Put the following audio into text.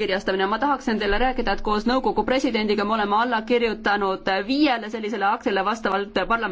kirjastamine, ma tahaksin teile rääkida, et koos nõukogu presidendiga me oleme alla kirjutanud viiele sellisele aktile vastavalt parlamendi